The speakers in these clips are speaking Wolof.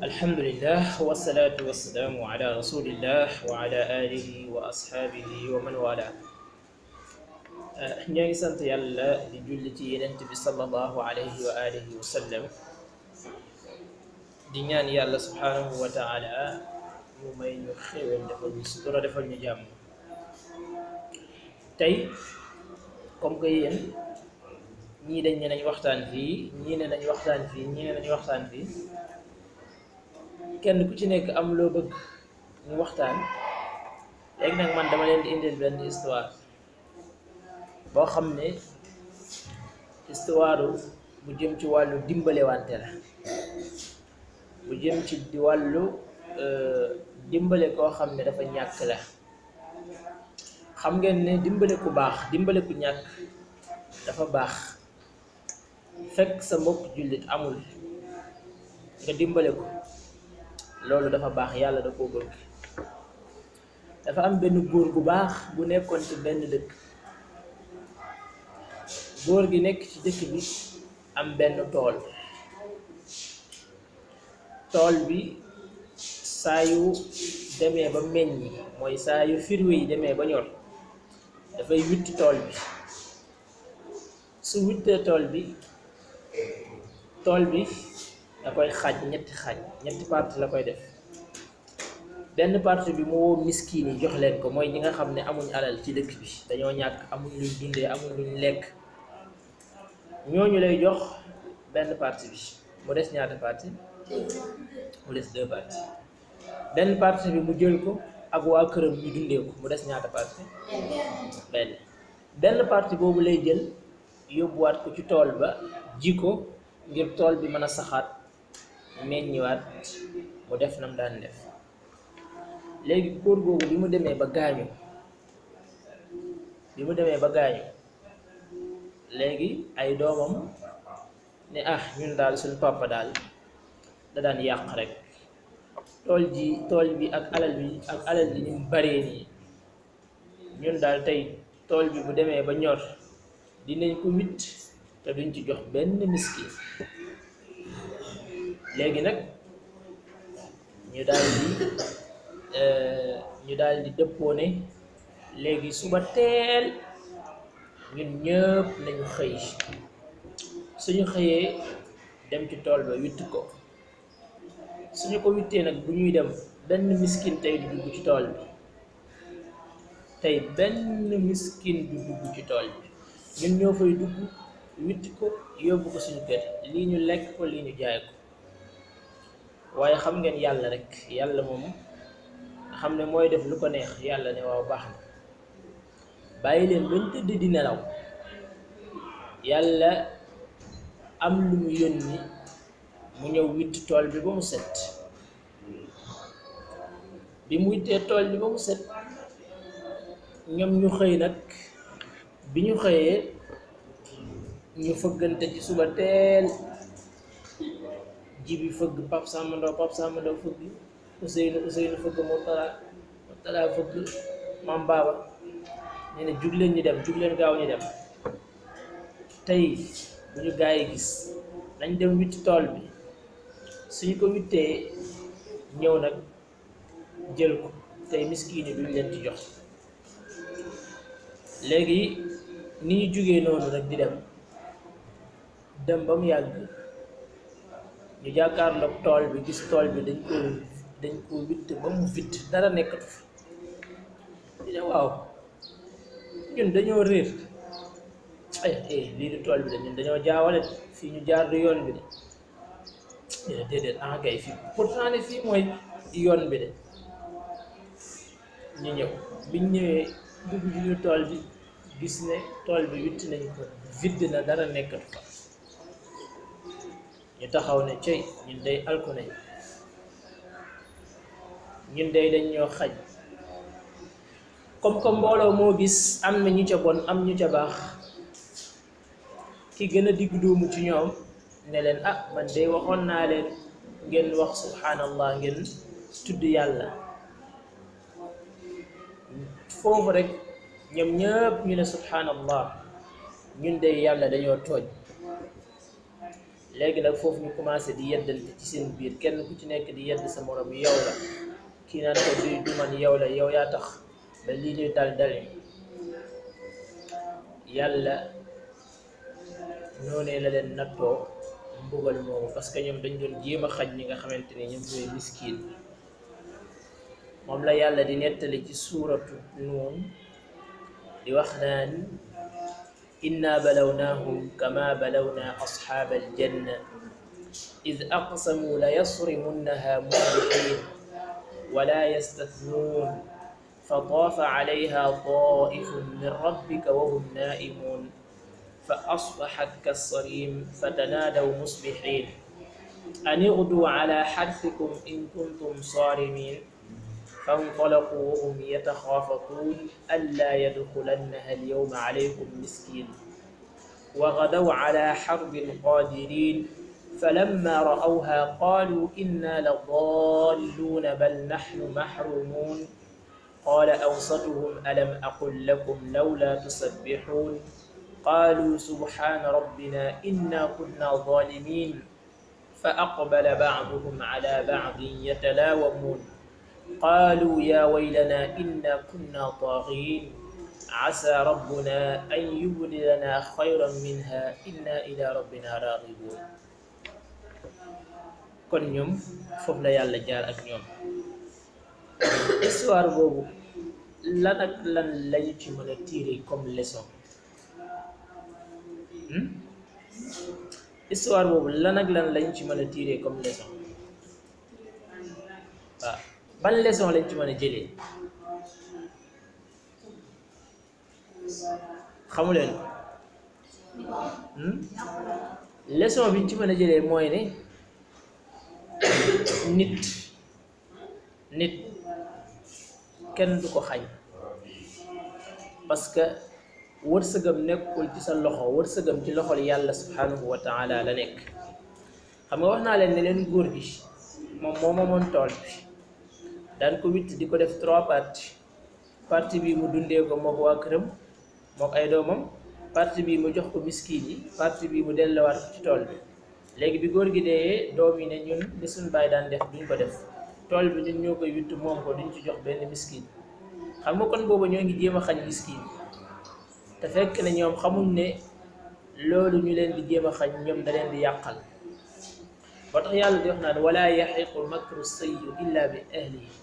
alhamdulillah wasalaatu wasalaamu ala rasulillah wa ala alihi wa ashaabihi wa man wala ñoo ngi sant yàlla di julli ci yenent bi sallallahu alayhi wa alihi wa sallam di ñaan yàlla subhaanahu wa taala mu may ñu xéewal defal ñu sutura defal ñu jàmm tey comme que yéen ñii dañ ne nañ waxtaan fii ñii ne nañ waxtaan fii ñii ne nañ waxtaan fii kenn ku ci nekk am loo bëgg mu waxtaan léegi nag man dama leen di indil benn histoire boo xam ne histoire bu jëm ci wàllu dimbalewante la bu jëm ci di wàllu euh, dimbale koo xam ne dafa ñàkk la xam ngeen ne dimbale ku baax dimbale ku ñàkk dafa baax fekk sa mbokk jullit amul nga dimbale ko loolu dafa baax yàlla da koo bëgg dafa am benn góor gu baax bu nekkoon ci benn dëkk góor gi nekk ci dëkk bi am benn tool tool bi saa yu demee ba meññ mooy saa yu firwe yi demee ba ñor dafay witti tool bi su wittee tool bi tool bi da koy xaaj ñetti xaaj ñetti parti la koy def benn parti bi moo miskin yi jox leen ko mooy ñi nga xam ne amuñ alal ci dëkk bi dañoo ñàkk amuñ luñ dundee amuñ luñ lekk ñooñu lay jox benn parti bi mu des ñaata parti mu benn parti bi mu jël ko ak waa këram ñu mu des ñaata parti parti boobu lay jël yóbbuwaat ko ci tool ba ji ko ngir tool bi mën a saxaat meññiwaat mu def nam daan def léegi góor googu bi mu demee ba gaañu bi mu demee ba gaañu léegi ay doomam ne ah ñun daal suñ papa daal da daan yàq rek tool ji tool bi ak alal bi ak alal bi ñu baree nii ñun daal tey tool bi bu demee ba ñor dinañ ko witt te duñ ci jox benn miski léegi nag ñu daal di euh, ñu daldi di dëppoo ne léegi suba teel ñun ñëpp nañu xëy suñu xëyee dem ci tool ba witt ko suñu ko wittee nag bu ñuy dem benn miskin tey du ci tool bi tey benn miskin du dugg ci tool bi ñun ñoo fay dugg witt ko yóbbu ko suñu kër lii ñu lekk ko lii ñu jaay ko waaye xam ngeen yàlla rek yàlla moom xam ne mooy def lu ko neex yàlla ne waaw baax na bàyyi leen bañ tëdd di nelaw yàlla am lu mu yónni mu ñëw witt tool bi ba mu set bi mu wittee tool bi ba mu set ñoom ñu xëy nag bi ñu xëyee ñu fëggante ci suba teel jibi fëgg Pape Samba Ndaw Pape fëgg Ousseynou Ousseynou fëgg Mourtala Mourtala ñu dem jug gaaw ñu dem tey bu ñu gaa yi gis dañ dem witti tool bi suñ ko wittee ñëw nag jël ko tey miskiin yi duñ leen ci jox léegi ni ñu jugee noonu rek di dem dem ba mu yàgg ñu jàkkaarloog tool bi gis tool bi dañ ko dañ ko witt ba mu witt dara nekkatu fi ñu ne waaw ñun dañoo réer eh, lii di tool bi de ñun dañoo jaawale fii ñu jaar du yoon bi de ñu ne ah, bi ñu ñëw biñ ñëwee dugg tool bi gis ne tool bi witt nañ ko vidde na dara nekkatu fa ñu taxaw ne cey ñun day alku nañ ñun day dañ ñoo xaj kom que mbooloo moo gis am na ñu ca bon am ñu ca baax ki gën a digg doomu ci ñoom ne leen ah man day waxoon naa leen ngeen wax subhanallah ngeen tudd yàlla foofu rek ñoom ñëpp ñu ne subhanallah ñun day yàlla dañoo tooñ léegi nag foofu ñu commencé di yeddante ci seen biir kenn ku ci nekk di yedd sa morom yow la kii naan ko du du man yow la yow yaa tax ba lii ñuy dal dale yàlla noonee la leen nattoo mbugal moomu parce que ñoom dañ doon jéem a xaj ñi nga xamante ni ñoom ñooy miskiin moom la yàlla di nettali ci suuratu Nuun di wax naan إنا بلوناهم كما بلونا أصحاب الجنة إذ أقسموا ليصرمنها مصبحين ولا يستثنون فطاف عليها طائف من ربك وهم نائمون فأصبحت كالصريم فتنادوا مصبحين أن اغدوا على حرثكم إن كنتم صارمين فانطلقوا وهم يتخافتون ألا يدخلنها اليوم عليكم مسكين وغدوا على حرب قادرين فلما رأوها قالوا إنا لضالون بل نحن محرومون قال أوسطهم ألم أقل لكم لولا تسبحون قالوا سبحان ربنا إنا كنا ظالمين فأقبل بعضهم على بعض يتلاومون qaalu yaa waylanaa inna kunna taaxiin asaa rabbuna an yubdilanaa xayran minha inna ila rabbina raaxibuun kon ñoom foofu la yàlla jaar ak ñoom histoire boobu lan ak lan lañu ci mën a tirer comme leçon hmm? histoire boobu lan ak lan lañu ci mën a tirer comme leçon ban leçon lañ ci mën a jële xamuleen ko hmm? bi biñ ci mën a jëlee mooy ne nit nit kenn du ko xañ parce que wërsëgam nekkul ci sa loxo wërsëgam ci loxol yàlla subhanahu wa la nekk xam nga wax naa leen ne leen góor gi moom moo moomoon tool bi daan ko witt di ko def trois parties partie bi mu dundee ko mook waa këram mook ay doomam partie bii mu jox ko miskiin yi partie bii mu dellowaat ci tool bi léegi bi góor gi deeyee doom yi ne ñun li suñ baay daan def duñ ko def tool bi ñun ñoo koy witt moom ko duñ ci jox benn miskiin xam nga kon booba ñoo ngi jéem a xañ miskiin te fekk ne ñoom xamuñ ne loolu ñu leen di jéem a xañ ñoom da di yàqal ba tax yàlla di wax naan wala yaxiqu makru sayyi illa bi ahlihi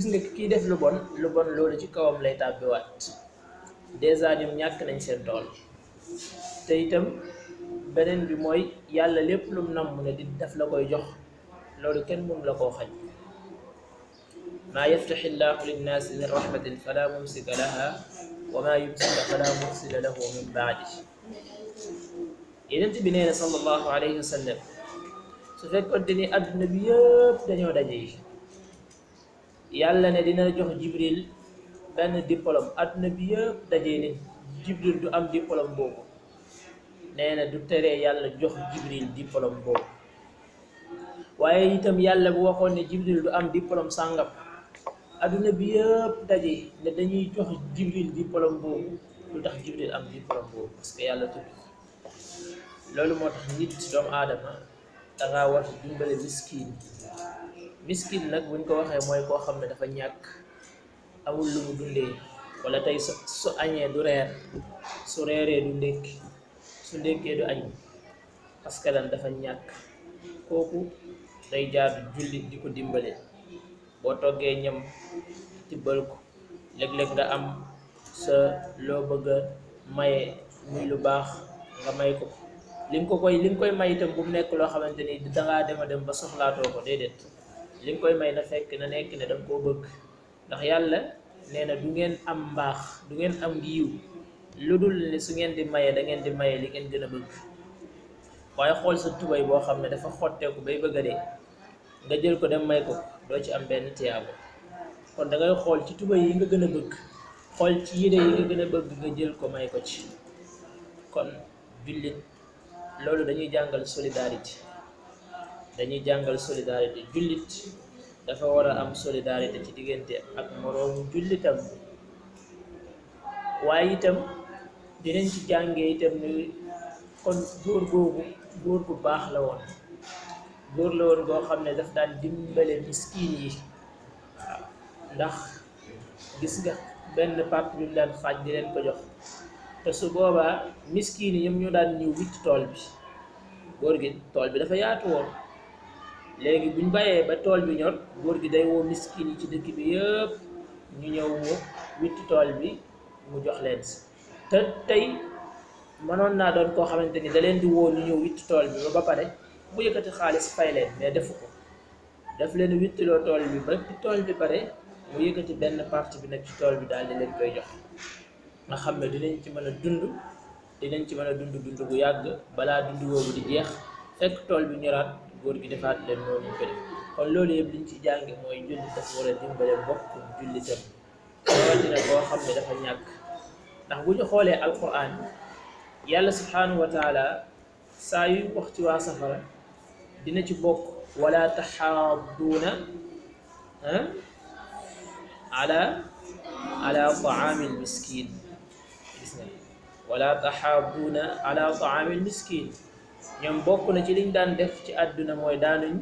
gis nga kii def lu bon lu bon loolu ci kawam lay tàbbiwaat dèjà ñàkk nañ seen tool te itam beneen bi mooy yàlla lépp lu mu namm ne di daf la koy jox loolu kenn moom la koo xañ maa yaftaxi llaahu linnaasi min rahmatin falaa mumsika laha wa maa yumsika falaa mursila lahu min baadi yenent bi nee na sallallahu alayhi wa sallam su fekkoonte ni bi yëpp dañoo daje yi yàlla ne dina jox jibril benn diplôme adduna bi yëpp dajee ne jibril du am diplôme boobu nee na du teree yàlla jox jibril diplôme boobu waaye itam yàlla bu waxoon ne jibril du am diplôme sàngam adduna bi yëpp daje ne dañuy jox jibril diplôme boobu lu tax jibril am diplôme boobu parce yàlla tudd loolu moo tax nit doomu aadama dangaa war a dimbale miskiin miskiin nag buñ ko waxee mooy koo xam ne dafa ñàkk awul lu mu dundee wala tey su su añee du reer su reeree du ndékki su ndékkee du añ parce que lan dafa ñàkk kooku day jaadu julli di ko dimbale boo toggee ñam tibbal ko léeg-léeg nga am sa loo bëgg maye muy lu baax nga may ko li nga ko koy li nga koy may itam bu mu nekk loo xamante ni dangaa dem a dem ba soxlaatoo ko déedéet li nga koy may na fekk na nekk ne danga koo bëgg ndax yàlla nee na du ngeen am mbaax du ngeen am yiw lu dul ne su ngeen di mayee da ngeen di maye li ngeen gën a bëgg waaye xool sa tubay boo xam ne dafa xotteeku bay bëgg a nga jël ko dem may ko doo ci am benn tiyaabo kon dangay xool ci tubéy yi nga gën a bëgg xool ci yére yi nga gën a bëgg nga jël ko may ko ci kon jullit loolu dañuy jàngal solidarité dañuy jàngal solidarité jullit dafa war a am solidarité ci diggante ak moroomu jullitam waaye itam dinañ ci jàngee itam ni kon góor boobu góor bu baax la woon góor la woon boo xam ne daf daan dimbale miskin yi waaw ndax gis nga benn pàpp bi mu daan xaaj di leen ko jox te su boobaa miskiin yi ñoom ñoo daan ñëw wicc tool bi góor gi tool bi dafa yaatu woon léegi buñ bàyyee ba tool bi ñor góor gi day woo miskiin yi ci dëkk bi yëpp ñu ñëw mu witti tool bi mu jox leen si te tey mënoon naa doon koo xamante ni da leen di woo ñu ñëw witti tool bi ba ba pare mu yëkkati xaalis fay leen mais defu ko daf leen wittiloo tool bi ba tool bi pare mu yëkkati benn partie bi nag ci tool bi daal di leen koy jox nga xam ne dina ci mën a dund dinañ ci mën a dund dund gu yàgg balaa dund woowu di jeex fekk tool bi ñoraat góor gi defaat leen noonu ñu liñ ci jànge mooy julli daf war xam ne dafa ñàkk ndax bu ñu xoolee alquran yàlla subhanahu wa saa yu wax ci waa safara dina ci bokk wala taxaaduuna ah, ala ala taamil miskin gis nga wala taxaabuuna ala taamil miskin ñoom bokk na ci liñ daan def ci adduna mooy daanuñ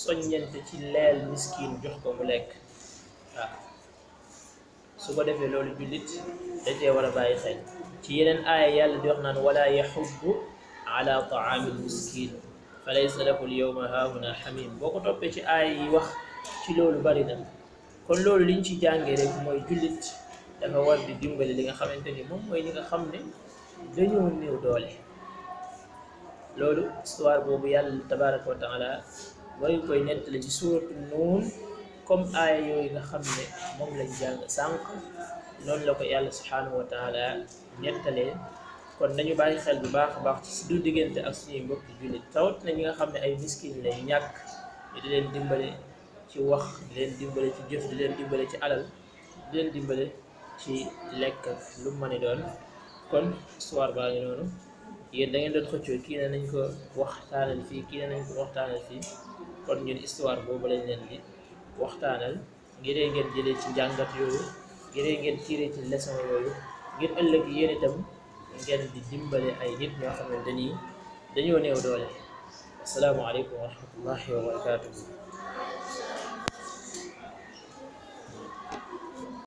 soññante ci leel miskin jox ko mu lekk waaw su ko defee loolu jullit da cee war a bàyyi xel ci yeneen aya yàlla di wax naan wala yaxubbu ala taamil miskin fa laysa lahu lyowma haahuna xamim boo ko toppee ci aaya yi wax ci loolu bari na kon loolu liñ ci jàngee rek mooy jullit dafa war di dimbale li nga xamante ni moom mooy ñi nga xam ne dañoo néew doole loolu histoire boobu yàlla tabaraka wa taala wayu koy nettali ci suuratu nuun comme aaya yooyu nga xam ne moom lañ jàng sànq noonu la ko yàlla subhanahu wa taala nettalee kon nañu bàyyi xel bu baax a baax ci suñu diggante ak suñuy mbokk jullit tawat na ñi nga xam ne ay miskin lay ñàkk ñu di leen dimbale ci wax di leen dimbale ci jëf di leen dimbale ci alal di leen dimbale ci lekk lu ma mën doon kon histoire baa ngi noonu yéen da ngeen doon xëccoo kii ne nañ ko waxtaanal fii kii ne nañ ko waxtaanal fii kon ñun histoire boobu lañ leen di waxtaanal ngir ngeen jëlee ci njàngat yooyu ngir ngeen tiiree ci leçon yooyu ngir ëllëg yéen itam ngeen di dimbale ay nit ñoo xam ne dañuy dañoo néew doole asalaamaaleykum wa rahmatullahi wa barakatuhu